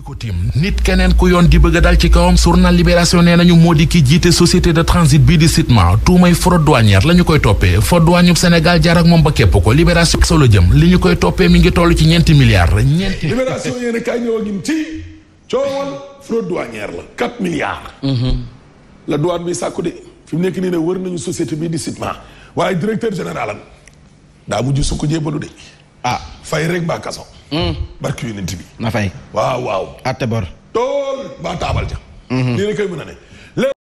di ko tiim nit keneen ku yoon di bëgg a dal ci kawam journal libération nee nañu moo di ki jiite société de transit bii di SITMA tuumay fraude douanière la koy toppee fa douane Sénégal jaar moom ba képp ko libération solo jëm li ñu koy toppee mi ngi toll ci ñeenti milliards ñeenti libération yéen kaay ñëw agin ci coowal fraude douanière la quatre milliards mhm. la douane bi sàkku de fi mu nekk nii ne wër nañu société bii di SITMA waaye directeur général am daa mujj a ah, fay rek mbaa kaso. Hmm. barki yonent bi. na fay waaw waaw. atte bor. tool mbaa taabal ja. Hmm. lii rek kay ne.